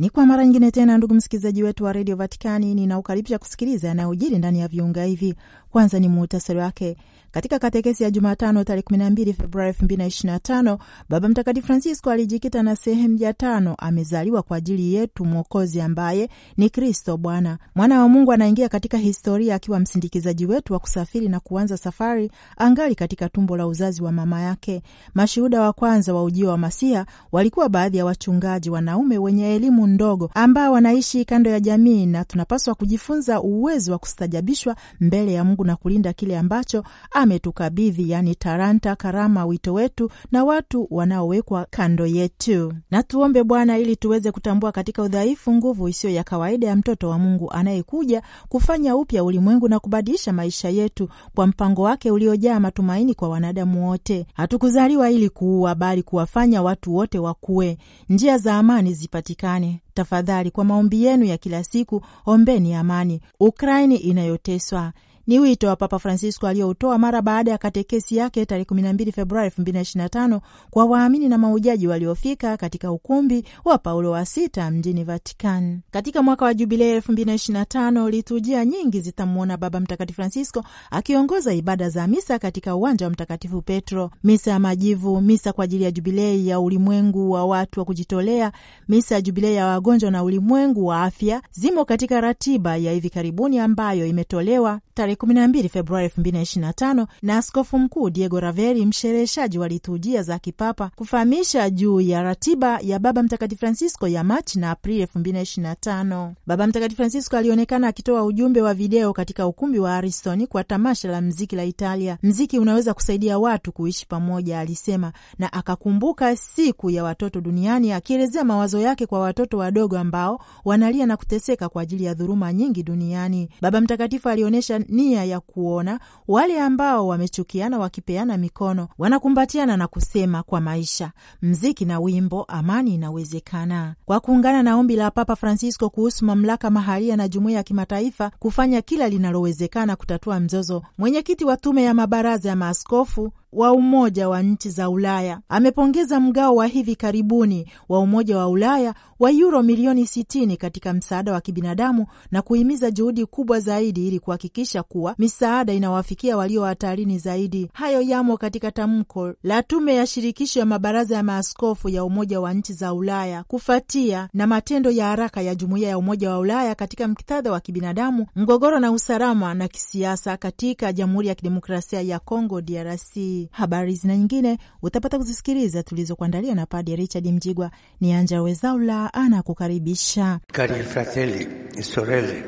Ni kwa mara nyingine tena, ndugu msikilizaji wetu wa redio Vatikani, ninaukaribisha kusikiliza yanayojiri ndani ya viunga hivi. Kwanza ni muhutasari wake. Katika katekesi ya Jumatano tarehe 12 Februari 2025 Baba Mtakatifu Francisco alijikita na sehemu ya tano, amezaliwa kwa ajili yetu Mwokozi ambaye ni Kristo Bwana. Mwana wa Mungu anaingia katika historia akiwa msindikizaji wetu wa kusafiri na kuanza safari angali katika tumbo la uzazi wa mama yake. Mashuhuda wa kwanza wa ujio wa Masia walikuwa baadhi ya wachungaji wanaume wenye elimu ndogo ambao wanaishi kando ya jamii, na tunapaswa kujifunza uwezo wa kustajabishwa mbele ya Mungu na kulinda kile ambacho ametukabidhi, yani talanta, karama, wito wetu na watu wanaowekwa kando yetu. Na tuombe Bwana ili tuweze kutambua katika udhaifu nguvu isiyo ya kawaida ya mtoto wa Mungu anayekuja kufanya upya ulimwengu na kubadilisha maisha yetu kwa mpango wake uliojaa matumaini kwa wanadamu wote. Hatukuzaliwa ili kuua, bali kuwafanya watu wote wakuwe. Njia za amani zipatikane Tafadhali, kwa maombi yenu ya kila siku, ombeni amani Ukraini inayoteswa. Ni wito wa Papa Francisco aliyoutoa mara baada ya katekesi yake tarehe 12 Februari 2025 kwa waamini na maujaji waliofika katika ukumbi wa Paulo wa Sita mjini Vatican. Katika mwaka wa Jubilei 2025 liturujia nyingi zitamwona Baba Mtakatifu Francisco akiongoza ibada za misa katika uwanja wa Mtakatifu Petro, misa ya majivu, misa kwa ajili ya Jubilei ya ulimwengu wa watu wa kujitolea, misa ya Jubilei ya wagonjwa na ulimwengu wa afya, zimo katika ratiba ya hivi karibuni ambayo imetolewa tarehe 12 Februari 2025 na Askofu Mkuu Diego Raveri, mshereheshaji wa liturujia za kipapa, kufahamisha juu ya ratiba ya Baba Mtakatifu Francisco ya Machi na Aprili 2025. Baba Mtakatifu Francisco alionekana akitoa ujumbe wa video katika ukumbi wa Ariston kwa tamasha la mziki la Italia. Mziki unaweza kusaidia watu kuishi pamoja, alisema, na akakumbuka siku ya watoto duniani, akielezea mawazo yake kwa watoto wadogo ambao wanalia na kuteseka kwa ajili ya dhuluma nyingi duniani. Baba Mtakatifu alionyesha ni nia ya kuona wale ambao wamechukiana wakipeana mikono, wanakumbatiana na kusema kwa maisha, mziki na wimbo, amani inawezekana. Kwa kuungana na ombi la Papa Francisco kuhusu mamlaka mahalia na jumuiya ya kimataifa kufanya kila linalowezekana kutatua mzozo, mwenyekiti wa tume ya mabaraza ya maaskofu wa Umoja wa Nchi za Ulaya. Amepongeza mgao wa hivi karibuni wa Umoja wa Ulaya wa yuro milioni sitini katika msaada wa kibinadamu na kuhimiza juhudi kubwa zaidi ili kuhakikisha kuwa misaada inawafikia walio hatarini zaidi. Hayo yamo katika tamko la Tume ya Shirikisho ya Mabaraza ya Maaskofu ya Umoja wa Nchi za Ulaya kufuatia na matendo ya haraka ya Jumuiya ya Umoja wa Ulaya katika mktadha wa kibinadamu, mgogoro na usalama na kisiasa katika Jamhuri ya Kidemokrasia ya Kongo DRC. habari na nyingine utapata kuzisikiliza tulizokuandalia na Padre Richard Mjigwa. Ni Anja Wezaula anakukaribisha. Cari fratelli e sorelle,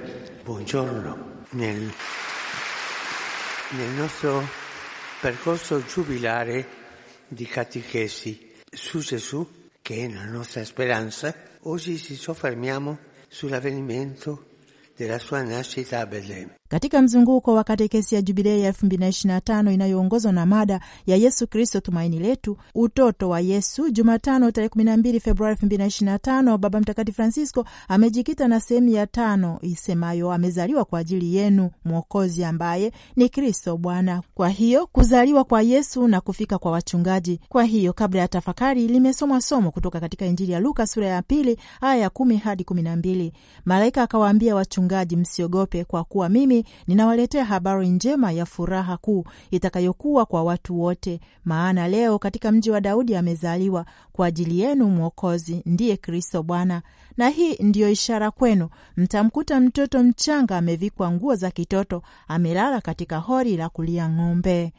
buongiorno. Nel, nel nostro percorso giubilare di catechesi su Gesù, che è la nostra speranza, oggi ci soffermiamo sull'avvenimento della sua nascita a Betlemme. katika mzunguko wa katekesi ya Jubilei ya 2025 inayoongozwa na mada ya Yesu Kristo tumaini letu, utoto wa Yesu. Jumatano tarehe 12 Februari 2025, Baba Mtakatifu Francisco amejikita na sehemu ya tano isemayo amezaliwa kwa ajili yenu Mwokozi ambaye ni Kristo Bwana. Kwa hiyo kuzaliwa kwa Yesu na kufika kwa wachungaji. Kwa hiyo kabla ya tafakari limesomwa somo kutoka katika Injili ya Luka sura ya pili aya ya kumi hadi mbili. Malaika akawaambia wachungaji, msiogope, kwa kuwa mimi ninawaletea habari njema ya furaha kuu itakayokuwa kwa watu wote, maana leo katika mji wa Daudi amezaliwa kwa ajili yenu Mwokozi, ndiye Kristo Bwana. Na hii ndiyo ishara kwenu, mtamkuta mtoto mchanga amevikwa nguo za kitoto, amelala katika hori la kulia ng'ombe.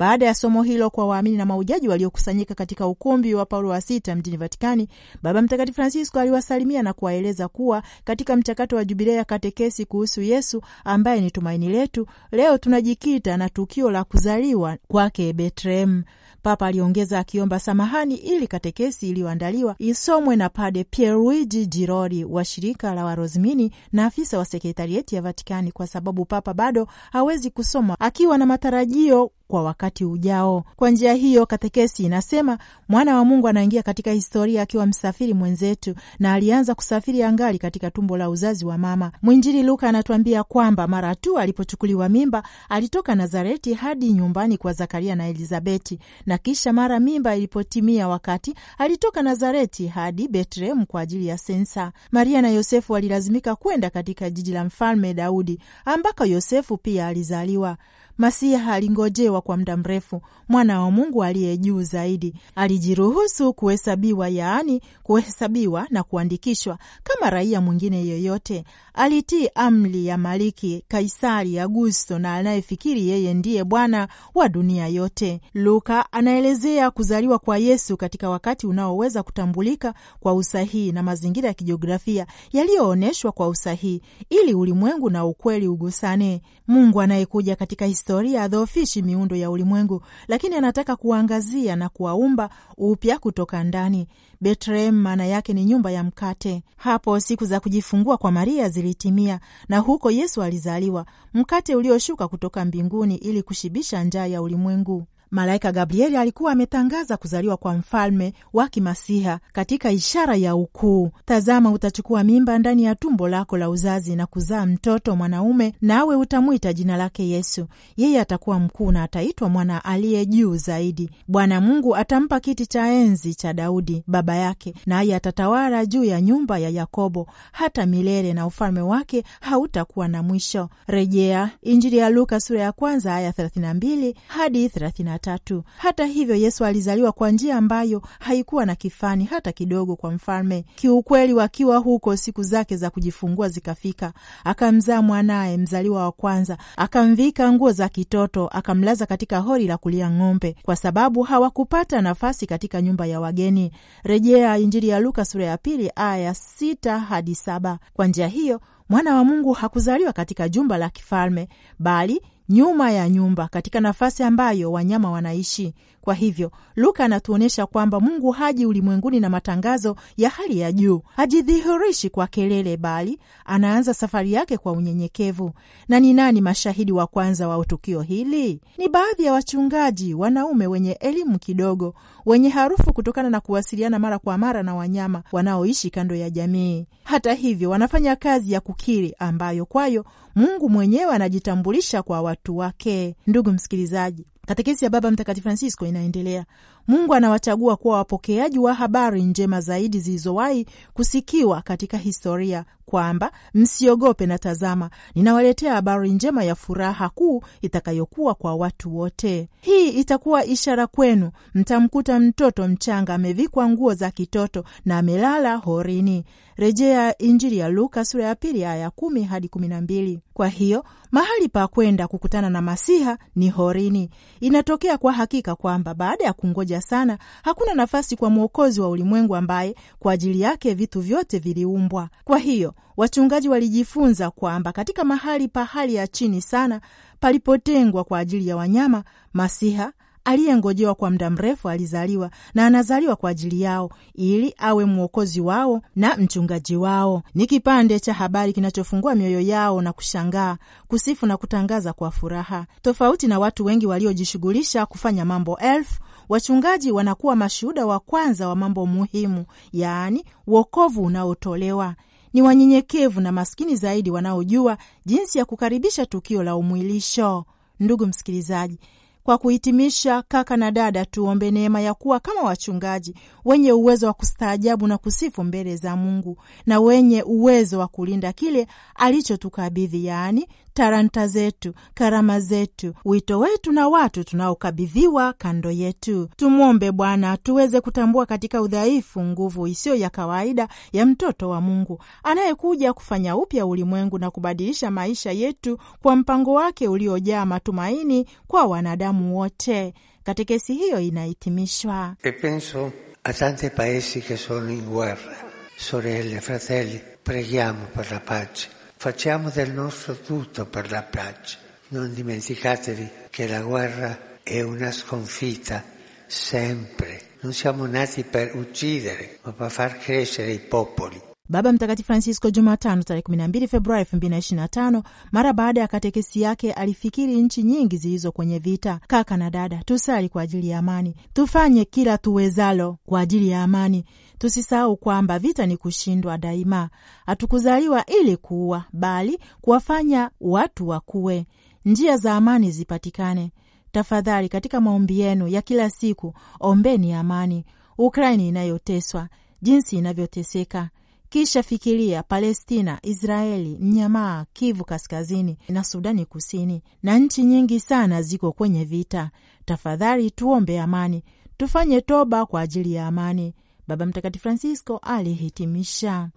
Baada ya somo hilo kwa waamini na maujaji waliokusanyika katika ukumbi wa Paulo wa Sita mjini Vatikani, Baba Mtakatifu Francisco aliwasalimia na kuwaeleza kuwa katika mchakato wa jubilea ya katekesi kuhusu Yesu ambaye ni tumaini letu, leo tunajikita na tukio la kuzaliwa kwake Betlehemu. Papa aliongeza akiomba samahani ili katekesi iliyoandaliwa isomwe na Pade Pierluigi jirori wa shirika la warosmini na afisa wa sekretarieti ya Vatikani, kwa sababu Papa bado hawezi kusoma akiwa na matarajio kwa wakati ujao. Kwa njia hiyo, katekesi inasema mwana wa Mungu anaingia katika historia akiwa msafiri mwenzetu, na alianza kusafiri angali katika tumbo la uzazi wa mama. Mwinjili Luka anatuambia kwamba mara tu alipochukuliwa mimba alitoka Nazareti hadi nyumbani kwa Zakaria na Elizabeti, na kisha mara mimba ilipotimia wakati alitoka Nazareti hadi Betlehemu kwa ajili ya sensa. Maria na Yosefu walilazimika kwenda katika jiji la mfalme Daudi ambako Yosefu pia alizaliwa. Masiha alingojewa kwa muda mrefu. Mwana wa Mungu aliye juu zaidi alijiruhusu kuhesabiwa, yaani kuhesabiwa na kuandikishwa kama raia mwingine yoyote alitii amri ya Maliki Kaisari Augusto na anayefikiri yeye ndiye Bwana wa dunia yote. Luka anaelezea kuzaliwa kwa Yesu katika wakati unaoweza kutambulika kwa usahihi na mazingira ya kijiografia yaliyoonyeshwa kwa usahihi, ili ulimwengu na ukweli ugusane. Mungu anayekuja katika historia adhoofishi miundo ya ulimwengu, lakini anataka kuangazia na kuwaumba upya kutoka ndani. Betlehem maana yake ni nyumba ya mkate. Hapo siku za kujifungua kwa Maria zili yalitimia, na huko Yesu alizaliwa, mkate ulioshuka kutoka mbinguni ili kushibisha njaa ya ulimwengu malaika Gabrieli alikuwa ametangaza kuzaliwa kwa mfalme wa kimasiha katika ishara ya ukuu: tazama, utachukua mimba ndani ya tumbo lako la uzazi na kuzaa mtoto mwanaume, nawe utamwita jina lake Yesu. Yeye atakuwa mkuu na ataitwa mwana aliye juu zaidi. Bwana Mungu atampa kiti cha enzi cha Daudi baba yake, naye atatawala juu ya nyumba ya Yakobo hata milele, na ufalme wake hautakuwa na mwisho. Rejea Injili ya Luka sura ya kwanza aya 32 hadi 33 tatu. Hata hivyo, Yesu alizaliwa kwa njia ambayo haikuwa na kifani hata kidogo kwa mfalme. Kiukweli, wakiwa huko siku zake za kujifungua zikafika, akamzaa mwanaye mzaliwa wa kwanza, akamvika nguo za kitoto, akamlaza katika hori la kulia ng'ombe, kwa sababu hawakupata nafasi katika nyumba ya wageni. Rejea Injili ya Luka sura ya pili aya sita hadi saba. Kwa njia hiyo Mwana wa Mungu hakuzaliwa katika jumba la kifalme, bali nyuma ya nyumba, katika nafasi ambayo wanyama wanaishi, kwa hivyo Luka anatuonyesha kwamba Mungu haji ulimwenguni na matangazo ya hali ya juu, hajidhihirishi kwa kelele, bali anaanza safari yake kwa unyenyekevu. Na ni nani mashahidi wa kwanza wa tukio hili? Ni baadhi ya wachungaji wanaume wenye elimu kidogo, wenye harufu kutokana na kuwasiliana mara kwa mara na wanyama wanaoishi kando ya jamii. Hata hivyo, wanafanya kazi ya kukiri ambayo kwayo Mungu mwenyewe anajitambulisha kwa watu wake. Ndugu msikilizaji, Katekesi ya Baba Mtakatifu Francisco inaendelea. Mungu anawachagua kuwa wapokeaji wa habari njema zaidi zilizowahi kusikiwa katika historia, kwamba msiogope, na tazama, ninawaletea habari njema ya furaha kuu itakayokuwa kwa watu wote. Hii itakuwa ishara kwenu, mtamkuta mtoto mchanga amevikwa nguo za kitoto na amelala horini. Rejea Injili ya Luka sura ya pili aya kumi hadi kumi na mbili. Kwa hiyo Mahali pa kwenda kukutana na Masiha ni horini. Inatokea kwa hakika kwamba baada ya kungoja sana, hakuna nafasi kwa Mwokozi wa ulimwengu ambaye kwa ajili yake vitu vyote viliumbwa. Kwa hiyo wachungaji walijifunza kwamba katika mahali pa hali ya chini sana palipotengwa kwa ajili ya wanyama, Masiha aliyengojewa kwa muda mrefu alizaliwa na anazaliwa kwa ajili yao ili awe mwokozi wao na mchungaji wao. Ni kipande cha habari kinachofungua mioyo yao na kushangaa, kusifu na kutangaza kwa furaha. Tofauti na watu wengi waliojishughulisha kufanya mambo elfu, wachungaji wanakuwa mashuhuda wa kwanza wa mambo muhimu, yaani wokovu unaotolewa ni wanyenyekevu na maskini zaidi wanaojua jinsi ya kukaribisha tukio la umwilisho. Ndugu msikilizaji, kwa kuhitimisha, kaka na dada, tuombe neema ya kuwa kama wachungaji wenye uwezo wa kustaajabu na kusifu mbele za Mungu na wenye uwezo wa kulinda kile alichotukabidhi, yaani taranta zetu, karama zetu, wito wetu na watu tunaokabidhiwa kando yetu. Tumwombe Bwana tuweze kutambua katika udhaifu nguvu isiyo ya kawaida ya mtoto wa Mungu anayekuja kufanya upya ulimwengu na kubadilisha maisha yetu kwa mpango wake uliojaa matumaini kwa wanadamu wote. Katekesi hiyo inahitimishwa. E penso a tanti paesi che sono in guerra sorelle fratelli preghiamo per la pace Facciamo del nostro tutto per la pace. Non dimenticatevi che la guerra è una sconfitta sempre. Non siamo nati per uccidere, ma per far crescere i popoli. Baba Mtakatifu Francisco Jumatano tarehe 12 Februari 2025 mara baada ya katekesi yake alifikiri nchi nyingi zilizo kwenye vita. Kaka na dada, tusali kwa ajili ya amani, tufanye kila tuwezalo kwa ajili ya amani. Tusisahau kwamba vita ni kushindwa daima. Hatukuzaliwa ili kuua, bali kuwafanya watu wakuwe. Njia za amani zipatikane. Tafadhali, katika maombi yenu ya kila siku, ombeni amani. Ukraini inayoteswa, jinsi inavyoteseka kisha fikiria Palestina, Israeli, Mnyamaa, Kivu Kaskazini na Sudani Kusini, na nchi nyingi sana ziko kwenye vita. Tafadhali tuombe amani, tufanye toba kwa ajili ya amani, Baba Mtakatifu Francisco alihitimisha.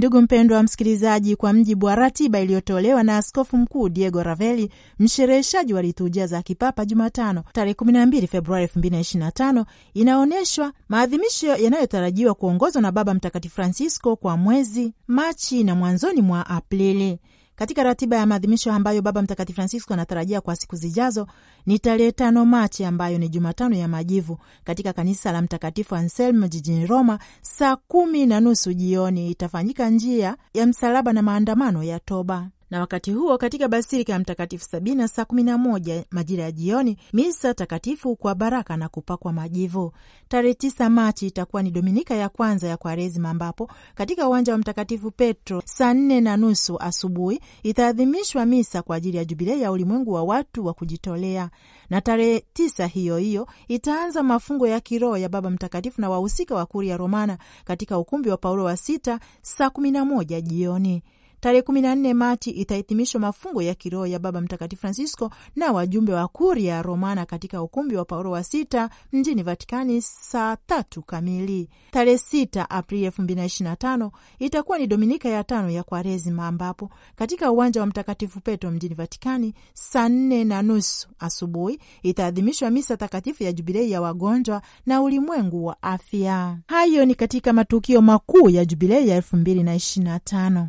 Ndugu mpendwa wa msikilizaji, kwa mjibu wa ratiba iliyotolewa na Askofu Mkuu Diego Ravelli, mshereheshaji wa liturujia za kipapa Jumatano tarehe 12 Februari 2025, inaonyeshwa maadhimisho yanayotarajiwa kuongozwa na Baba Mtakatifu Francisco kwa mwezi Machi na mwanzoni mwa Aprili. Katika ratiba ya maadhimisho ambayo Baba Mtakatifu Francisco anatarajia kwa siku zijazo ni tarehe tano Machi ambayo ni Jumatano ya Majivu katika kanisa la Mtakatifu Anselmo jijini Roma, saa kumi na nusu jioni itafanyika njia ya msalaba na maandamano ya toba na wakati huo katika basilika ya Mtakatifu Sabina saa kumi na moja majira ya jioni misa takatifu kwa baraka na kupakwa majivu. Tarehe tisa Machi itakuwa ni dominika ya kwanza ya Kwaresima, ambapo katika uwanja wa Mtakatifu Petro saa nne na nusu asubuhi itaadhimishwa misa kwa ajili ya jubilei ya ulimwengu wa watu wa kujitolea, na tarehe tisa hiyo hiyo itaanza mafungo ya kiroho ya Baba Mtakatifu na wahusika wa Kuria Romana katika ukumbi wa Paulo wa sita saa kumi na moja jioni. Tarehe 14 Machi itahitimishwa mafungo ya kiroho ya Baba Mtakatifu Francisco na wajumbe wa Kuria Romana katika ukumbi wa Paulo wa sita mjini Vatikani saa tatu kamili. Tarehe 6 Aprili 2025 itakuwa ni dominika ya tano ya Kwaresima, ambapo katika uwanja wa Mtakatifu Petro mjini Vatikani saa nne na nusu asubuhi itaadhimishwa misa takatifu ya Jubilei ya wagonjwa na ulimwengu wa afya. Hayo ni katika matukio makuu ya Jubilei ya tano.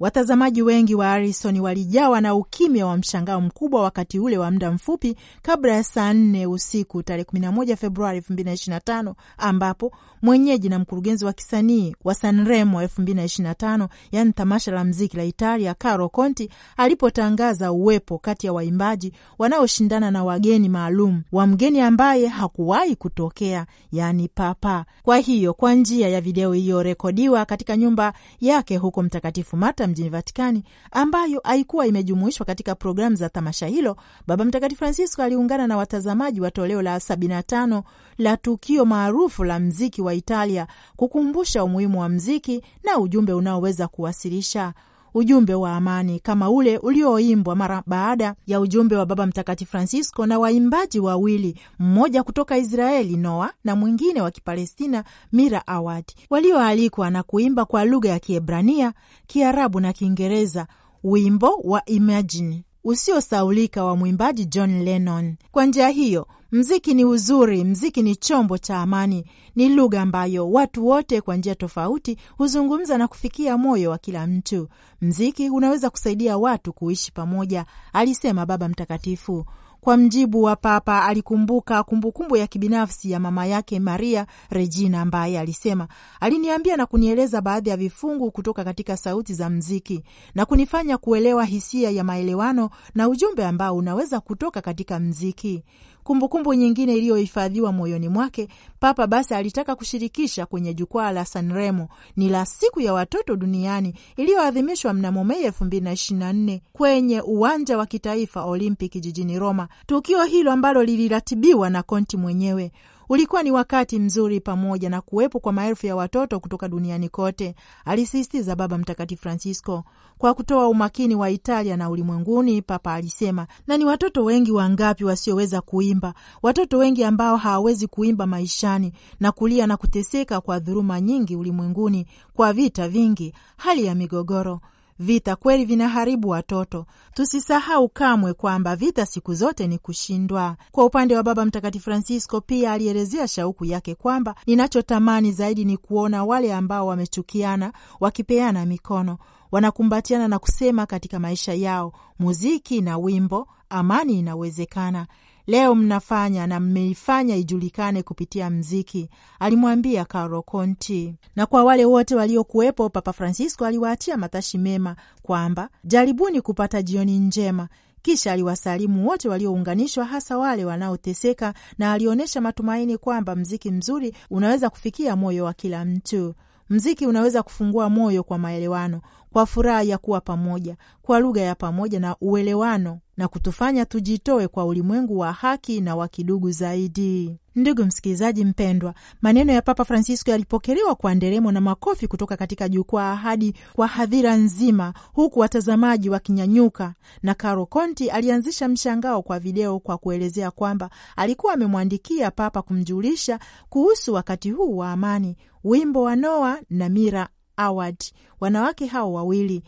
Watazamaji wengi wa Harrison walijawa na ukimya wa mshangao mkubwa wakati ule wa muda mfupi kabla ya saa nne usiku tarehe 11 Februari 2025 ambapo mwenyeji na mkurugenzi wa kisanii wa Sanremo 2025 yani tamasha la mziki la Italia, Caro Conti alipotangaza uwepo kati ya waimbaji wanaoshindana na wageni maalum wa mgeni ambaye hakuwahi kutokea, yani Papa. Kwa hiyo kwa njia ya video iliyorekodiwa katika nyumba yake huko Mtakatifu Mata Kanisa mjini Vatikani ambayo haikuwa imejumuishwa katika programu za tamasha hilo, Baba Mtakatifu Francisco aliungana na watazamaji wa toleo la 75 la tukio maarufu la mziki wa Italia kukumbusha umuhimu wa mziki na ujumbe unaoweza kuwasilisha ujumbe wa amani kama ule ulioimbwa mara baada ya ujumbe wa Baba Mtakatifu Francisco na waimbaji wawili, mmoja kutoka Israeli Noa na mwingine wa Kipalestina Mira Awad, walioalikwa na kuimba kwa lugha ya Kiebrania, Kiarabu na Kiingereza wimbo wa Imagine usiosaulika wa mwimbaji John Lennon. Kwa njia hiyo Mziki ni uzuri, mziki ni chombo cha amani, ni lugha ambayo watu wote kwa njia tofauti huzungumza na kufikia moyo wa kila mtu. Mziki unaweza kusaidia watu kuishi pamoja, alisema Baba Mtakatifu. Kwa mjibu wa Papa, alikumbuka kumbukumbu kumbu ya kibinafsi ya mama yake Maria Regina, ambaye alisema, aliniambia na kunieleza baadhi ya vifungu kutoka katika sauti za mziki na kunifanya kuelewa hisia ya maelewano na ujumbe ambao unaweza kutoka katika mziki. Kumbukumbu nyingine iliyohifadhiwa moyoni mwake Papa basi alitaka kushirikisha kwenye jukwaa la Sanremo ni la siku ya watoto duniani iliyoadhimishwa mnamo Mei elfu mbili na ishirini na nne kwenye uwanja wa kitaifa Olimpiki jijini Roma, tukio hilo ambalo liliratibiwa na Konti mwenyewe. Ulikuwa ni wakati mzuri, pamoja na kuwepo kwa maelfu ya watoto kutoka duniani kote, alisisitiza Baba Mtakatifu Francisco kwa kutoa umakini wa Italia na ulimwenguni. Papa alisema, na ni watoto wengi wangapi wasioweza kuimba, watoto wengi ambao hawawezi kuimba maishani na kulia na kuteseka kwa dhuruma nyingi ulimwenguni, kwa vita vingi, hali ya migogoro Vita kweli vinaharibu watoto. Tusisahau kamwe kwamba vita siku zote ni kushindwa. Kwa upande wa Baba Mtakatifu Francisco, pia alielezea shauku yake kwamba ninachotamani zaidi ni kuona wale ambao wamechukiana wakipeana mikono, wanakumbatiana na kusema katika maisha yao muziki na wimbo, amani inawezekana, leo mnafanya na mmeifanya ijulikane kupitia mziki, alimwambia Carlo Conti. Na kwa wale wote waliokuwepo, Papa Francisco aliwaatia matashi mema kwamba jaribuni kupata jioni njema. Kisha aliwasalimu wote waliounganishwa, hasa wale wanaoteseka, na alionyesha matumaini kwamba mziki mzuri unaweza kufikia moyo wa kila mtu. Mziki unaweza kufungua moyo kwa maelewano, kwa furaha ya kuwa pamoja, kwa lugha ya pamoja na uelewano, na kutufanya tujitoe kwa ulimwengu wa haki na wa kidugu zaidi. Ndugu msikilizaji mpendwa, maneno ya Papa Francisco yalipokelewa kwa nderemo na makofi kutoka katika jukwaa hadi kwa hadhira nzima, huku watazamaji wakinyanyuka, na karo Conti alianzisha mshangao kwa video kwa kuelezea kwamba alikuwa amemwandikia Papa kumjulisha kuhusu wakati huu wa amani, wimbo wa Noa na mira Award wanawake hao wawili.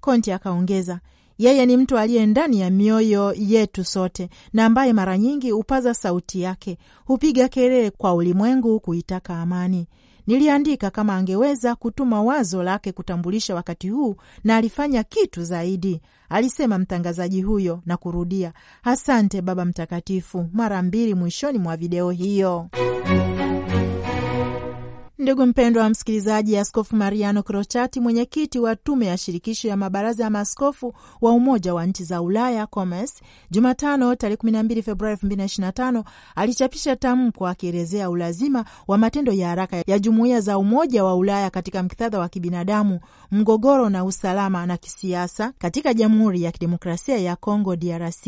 Konti akaongeza, yeye ni mtu aliye ndani ya mioyo yetu sote na ambaye mara nyingi hupaza sauti yake, hupiga kelele kwa ulimwengu kuitaka amani. Niliandika kama angeweza kutuma wazo lake kutambulisha wakati huu, na alifanya kitu zaidi, alisema mtangazaji huyo na kurudia, asante Baba Mtakatifu, mara mbili mwishoni mwa video hiyo. Ndugu mpendwa wa msikilizaji, Askofu Mariano Krochati, mwenyekiti wa tume ya shirikisho ya mabaraza ya maaskofu wa umoja wa nchi za Ulaya, COMES, Jumatano tarehe 12 Februari 2025 alichapisha tamko akielezea ulazima wa matendo ya haraka ya jumuiya za Umoja wa Ulaya katika mktadha wa kibinadamu, mgogoro na usalama na kisiasa katika Jamhuri ya Kidemokrasia ya congo DRC.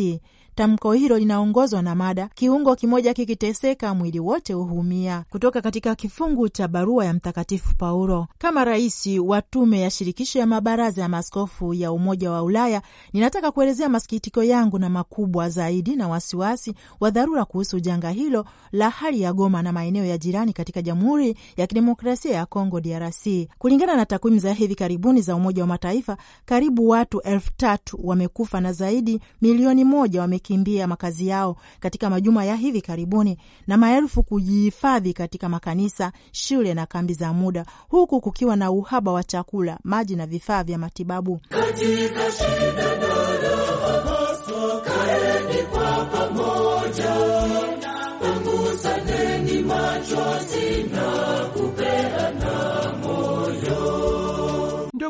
Tamko hilo linaongozwa na mada kiungo kimoja kikiteseka mwili wote uhumia, kutoka katika kifungu cha barua ya Mtakatifu Paulo. Kama rais wa tume ya shirikisho ya mabaraza ya maskofu ya Umoja wa Ulaya, ninataka kuelezea masikitiko yangu na makubwa zaidi na wasiwasi wa dharura kuhusu janga hilo la hali ya Goma na maeneo ya jirani katika Jamhuri ya Kidemokrasia ya Kongo, DRC. Kulingana na takwimu za hivi karibuni za Umoja wa Mataifa, karibu watu elfu tatu wamekufa na zaidi milioni moja wame wamekimbia makazi yao katika majuma ya hivi karibuni na maelfu kujihifadhi katika makanisa, shule na kambi za muda, huku kukiwa na uhaba wa chakula, maji na vifaa vya matibabu katika shida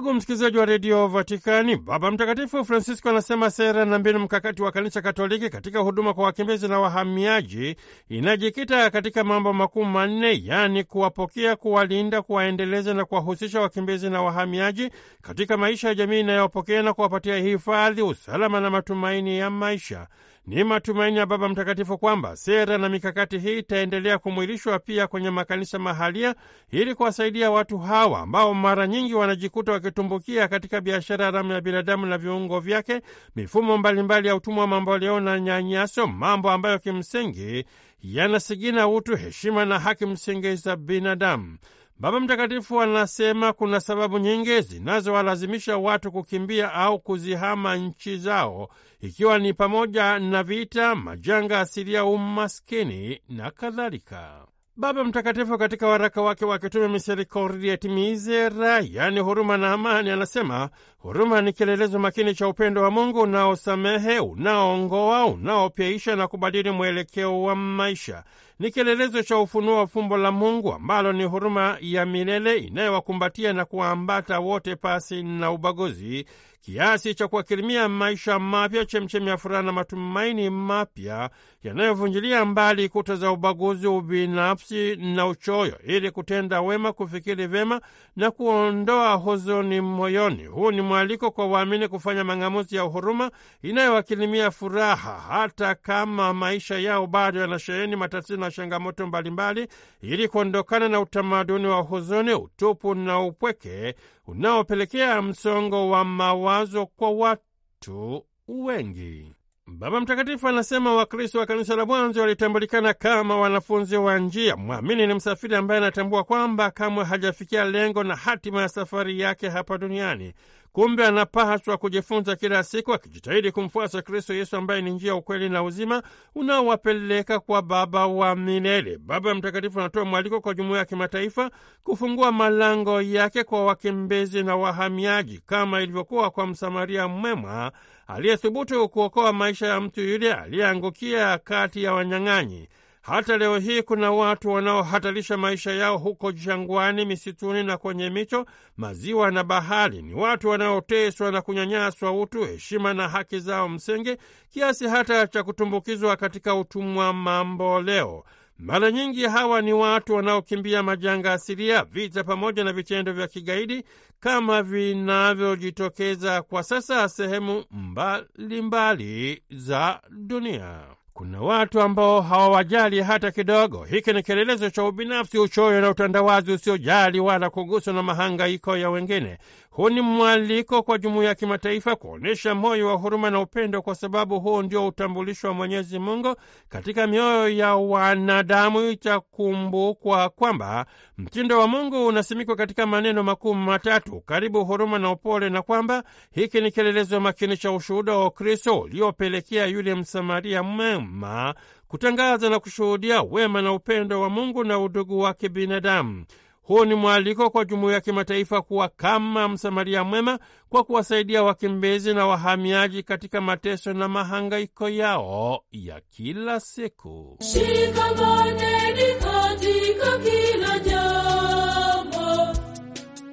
Ndugu msikilizaji wa redio Vatikani, Baba Mtakatifu Francisco anasema sera na mbinu mkakati wa Kanisa Katoliki katika huduma kwa wakimbizi na wahamiaji inajikita katika mambo makuu manne, yaani kuwapokea, kuwalinda, kuwaendeleza na kuwahusisha wakimbizi na wahamiaji katika maisha ya jamii inayopokea na kuwapatia hifadhi, usalama na matumaini ya maisha. Ni matumaini ya Baba Mtakatifu kwamba sera na mikakati hii itaendelea kumwilishwa pia kwenye makanisa mahalia ili kuwasaidia watu hawa ambao mara nyingi wanajikuta wakitumbukia katika biashara haramu ya binadamu na viungo vyake, mifumo mbalimbali ya utumwa wa mamboleo na nyanyaso, mambo ambayo kimsingi yanasigina utu, heshima na haki msingi za binadamu. Baba Mtakatifu anasema kuna sababu nyingi zinazowalazimisha watu kukimbia au kuzihama nchi zao, ikiwa ni pamoja na vita, majanga asilia, umaskini na kadhalika. Baba Mtakatifu katika waraka wake wa kitume Misericordiae Miserae, yaani huruma na amani, anasema huruma ni kielelezo makini cha upendo wa Mungu unaosamehe, unaoongoa, unaopyaisha na kubadili mwelekeo wa maisha. Ni kielelezo cha ufunuo wa fumbo la Mungu ambalo ni huruma ya milele inayowakumbatia na kuwaambata wote pasi na ubaguzi kiasi cha kuakirimia maisha mapya, chemchemi ya furaha na matumaini mapya yanayovunjilia mbali kuta za ubaguzi, ubinafsi na uchoyo, ili kutenda wema, kufikiri vyema na kuondoa huzuni moyoni. Huu ni mwaliko kwa waamini kufanya mang'amuzi ya uhuruma inayowakirimia furaha, hata kama maisha yao bado yanasheheni matatizo na changamoto mbalimbali, ili kuondokana na utamaduni wa huzuni, utupu na upweke unaopelekea msongo wa mawazo kwa watu wengi. Baba Mtakatifu anasema Wakristo wa kanisa la mwanzo walitambulikana kama wanafunzi wa njia. Mwamini ni msafiri ambaye anatambua kwamba kamwe hajafikia lengo na hatima ya safari yake hapa duniani. Kumbe anapaswa kujifunza kila siku, akijitahidi kumfuasa Kristo Yesu ambaye ni njia, ukweli na uzima unaowapeleka kwa Baba wa milele. Baba Mtakatifu anatoa mwaliko kwa jumuiya ya kimataifa kufungua malango yake kwa wakimbizi na wahamiaji, kama ilivyokuwa kwa Msamaria mwema aliyethubutu kuokoa maisha ya mtu yule aliyeangukia kati ya wanyang'anyi. Hata leo hii kuna watu wanaohatarisha maisha yao huko jangwani, misituni na kwenye mito, maziwa na bahari. Ni watu wanaoteswa na kunyanyaswa utu, heshima na haki zao msingi, kiasi hata cha kutumbukizwa katika utumwa mambo leo. Mara nyingi hawa ni watu wanaokimbia majanga asilia, vita, pamoja na vitendo vya kigaidi kama vinavyojitokeza kwa sasa sehemu mbalimbali mbali za dunia. Kuna watu ambao hawawajali hata kidogo. Hiki ni kielelezo cha ubinafsi, uchoyo na utandawazi usiojali wala kuguswa na mahangaiko ya wengine. Huu ni mwaliko kwa jumuiya ya kimataifa kuonyesha moyo wa huruma na upendo, kwa sababu huu ndio utambulisho wa Mwenyezi Mungu katika mioyo ya wanadamu. Itakumbukwa kwamba mtindo wa Mungu unasimikwa katika maneno makuu matatu: karibu, huruma na upole, na kwamba hiki ni kielelezo makini cha ushuhuda wa ukristo uliopelekea yule Msamaria mwema kutangaza na kushuhudia wema na upendo wa Mungu na udugu wa kibinadamu. Huu ni mwaliko kwa jumuiya ya kimataifa kuwa kama msamaria mwema kwa kuwasaidia wakimbizi na wahamiaji katika mateso na mahangaiko yao ya kila siku. Shikamaneni katika kila jambo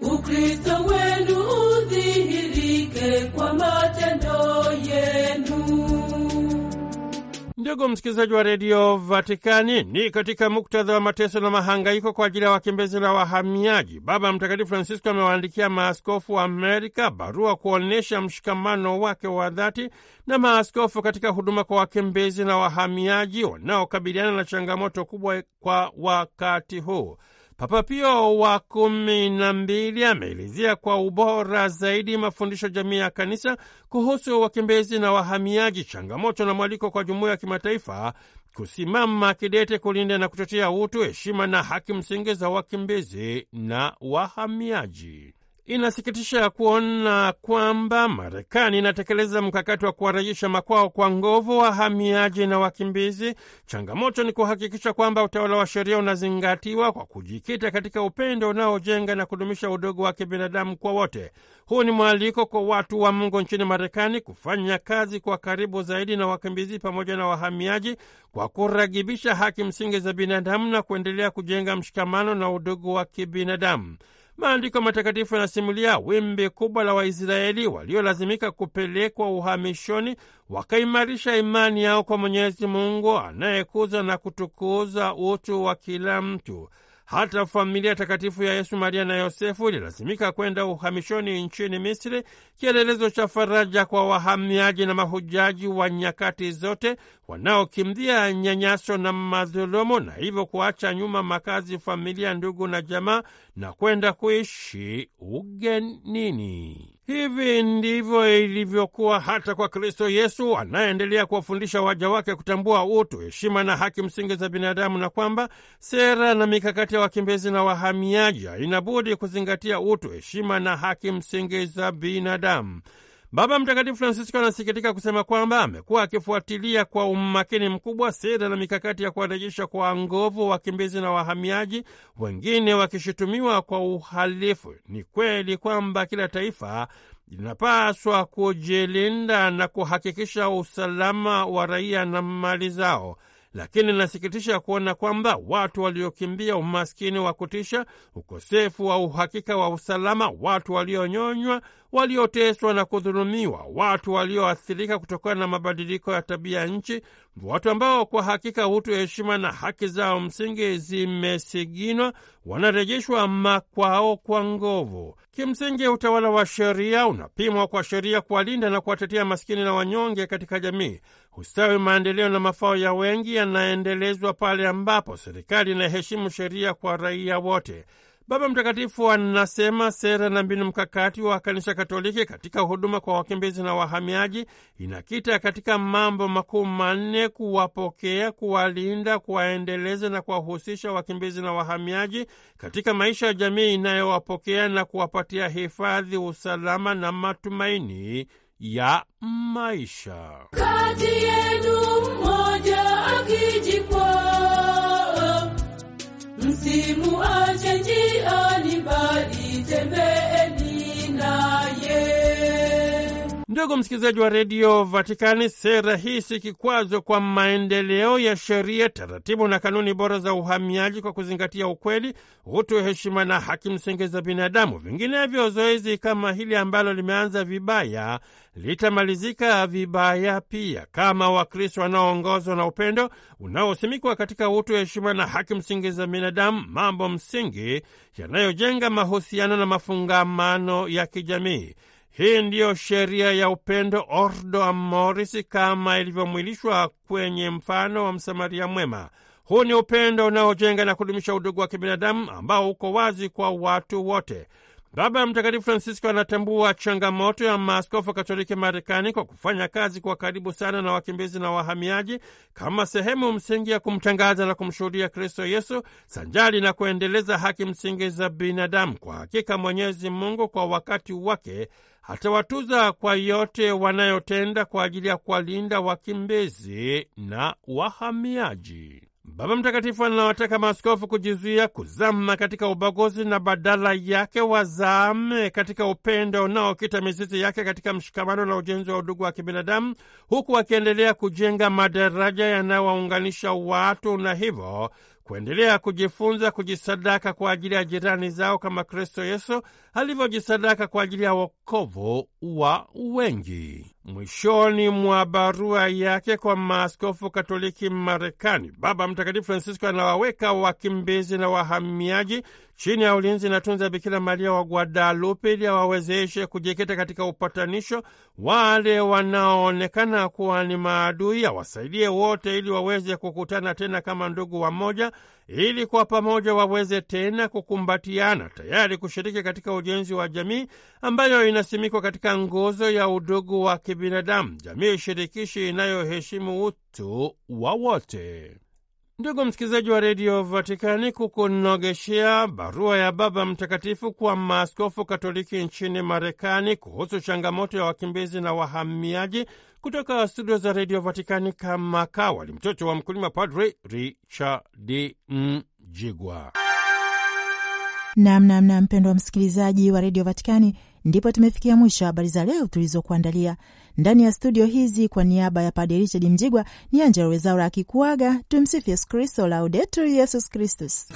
Ukristo ndugu msikilizaji wa redio Vatikani, ni katika muktadha wa mateso na mahangaiko kwa ajili ya wakimbizi na wahamiaji, Baba Mtakatifu Francisco amewaandikia maaskofu wa Amerika barua kuonyesha mshikamano wake wa dhati na maaskofu katika huduma kwa wakimbizi na wahamiaji wanaokabiliana na changamoto kubwa kwa wakati huu. Papa Pio wa kumi na mbili ameelezea kwa ubora zaidi mafundisho jamii ya kanisa kuhusu wakimbizi na wahamiaji, changamoto na mwaliko kwa jumuiya ya kimataifa kusimama kidete kulinda na kutetea utu, heshima na haki msingi za wakimbizi na wahamiaji. Inasikitisha kuona kwamba Marekani inatekeleza mkakati wa kuwarejesha makwao kwa nguvu wahamiaji na wakimbizi. Changamoto ni kuhakikisha kwamba utawala wa sheria unazingatiwa kwa kujikita katika upendo unaojenga na kudumisha udugu wa kibinadamu kwa wote. Huu ni mwaliko kwa watu wa Mungu nchini Marekani kufanya kazi kwa karibu zaidi na wakimbizi pamoja na wahamiaji kwa kuragibisha haki msingi za binadamu na kuendelea kujenga mshikamano na udugu wa kibinadamu. Maandiko matakatifu yanasimulia wimbi kubwa la Waisraeli waliolazimika kupelekwa uhamishoni, wakaimarisha imani yao kwa Mwenyezi Mungu anayekuza na kutukuza utu wa kila mtu. Hata familia takatifu ya Yesu, Maria na Yosefu ililazimika kwenda uhamishoni nchini Misri, kielelezo cha faraja kwa wahamiaji na mahujaji wa nyakati zote wanaokimbia nyanyaso na madhulumu, na hivyo kuacha nyuma makazi, familia, ndugu na jamaa na kwenda kuishi ugenini. Hivi ndivyo ilivyokuwa hata kwa Kristo Yesu anayeendelea kuwafundisha waja wake kutambua utu, heshima na haki msingi za binadamu, na kwamba sera na mikakati ya wakimbizi na wahamiaji inabudi kuzingatia utu, heshima na haki msingi za binadamu. Baba Mtakatifu Francisco anasikitika kusema kwamba amekuwa akifuatilia kwa umakini mkubwa sera na mikakati ya kuwarejesha kwa nguvu wakimbizi na wahamiaji, wengine wakishutumiwa kwa uhalifu. Ni kweli kwamba kila taifa linapaswa kujilinda na kuhakikisha usalama wa raia na mali zao, lakini nasikitisha kuona kwamba watu waliokimbia umaskini wa kutisha, ukosefu wa uhakika wa usalama, watu walionyonywa, walioteswa na kudhulumiwa, watu walioathirika kutokana na mabadiliko ya tabia ya nchi, watu ambao kwa hakika utu, heshima na haki zao msingi zimesiginwa, wanarejeshwa makwao kwa nguvu. Kimsingi, utawala wa sheria unapimwa kwa sheria kuwalinda na kuwatetea maskini na wanyonge katika jamii. Ustawi, maendeleo na mafao ya wengi yanaendelezwa pale ambapo serikali inaheshimu sheria kwa raia wote. Baba Mtakatifu anasema sera na mbinu mkakati wa Kanisa Katoliki katika huduma kwa wakimbizi na wahamiaji inakita katika mambo makuu manne: kuwapokea, kuwalinda, kuwaendeleza na kuwahusisha wakimbizi na wahamiaji katika maisha ya jamii inayowapokea na kuwapatia hifadhi, usalama na matumaini ya maisha Kati yetu. Ndugu msikilizaji wa redio Vatikani, sera hii si kikwazo kwa maendeleo ya sheria, taratibu na kanuni bora za uhamiaji, kwa kuzingatia ukweli, utu, heshima na haki msingi za binadamu. Vinginevyo, zoezi kama hili ambalo limeanza vibaya litamalizika vibaya pia. Kama Wakristo wanaoongozwa na upendo unaosimikwa katika utu, heshima na haki msingi za binadamu, mambo msingi yanayojenga mahusiano na mafungamano ya kijamii hii ndiyo sheria ya upendo, Ordo Amoris, kama ilivyomwilishwa kwenye mfano wa Msamaria mwema. Huu ni upendo unaojenga na kudumisha udugu wa kibinadamu ambao uko wazi kwa watu wote. Baba Mtakatifu Francisco anatambua changamoto ya maaskofu Katoliki Marekani kwa kufanya kazi kwa karibu sana na wakimbizi na wahamiaji kama sehemu msingi ya kumtangaza na kumshuhudia Kristo Yesu sanjali na kuendeleza haki msingi za binadamu. Kwa hakika Mwenyezi Mungu kwa wakati wake atawatuza kwa yote wanayotenda kwa ajili ya kuwalinda wakimbizi na wahamiaji. Baba Mtakatifu anawataka maaskofu kujizuia kuzama katika ubaguzi na badala yake wazame katika upendo unaokita mizizi yake katika mshikamano na ujenzi wa udugu wa kibinadamu, huku wakiendelea kujenga madaraja yanayowaunganisha watu na hivyo kuendelea kujifunza kujisadaka kwa ajili ya jirani zao kama Kristo Yesu alivyojisadaka kwa ajili ya wokovu wa wengi. Mwishoni mwa barua yake kwa maaskofu Katoliki Marekani, Baba Mtakatifu Francisco anawaweka wakimbizi na wahamiaji chini ya ulinzi na tunza Bikira Maria wa Guadalupe ili awawezeshe kujikita katika upatanisho. Wale wanaoonekana kuwa ni maadui awasaidie wote ili waweze kukutana tena kama ndugu wamoja ili kwa pamoja waweze tena kukumbatiana, tayari kushiriki katika ujenzi wa jamii ambayo inasimikwa katika nguzo ya udugu wa kibinadamu, jamii shirikishi inayoheshimu utu wa wote. Ndugu msikilizaji wa redio Vatikani, kukunogeshea barua ya Baba Mtakatifu kwa maaskofu Katoliki nchini Marekani kuhusu changamoto ya wakimbizi na wahamiaji kutoka studio za redio Vatikani, kama kawaida, mtoto wa mkulima, Padre Richard Mjigwa. Namnamna mpendo wa msikilizaji wa redio Vatikani, ndipo tumefikia mwisho habari za leo tulizokuandalia ndani ya studio hizi. Kwa niaba ya Padre Richard Mjigwa ni Anjelo Wezaura akikuaga. Tumsifu Yesu Kristo, Laudetur Yesus Kristus.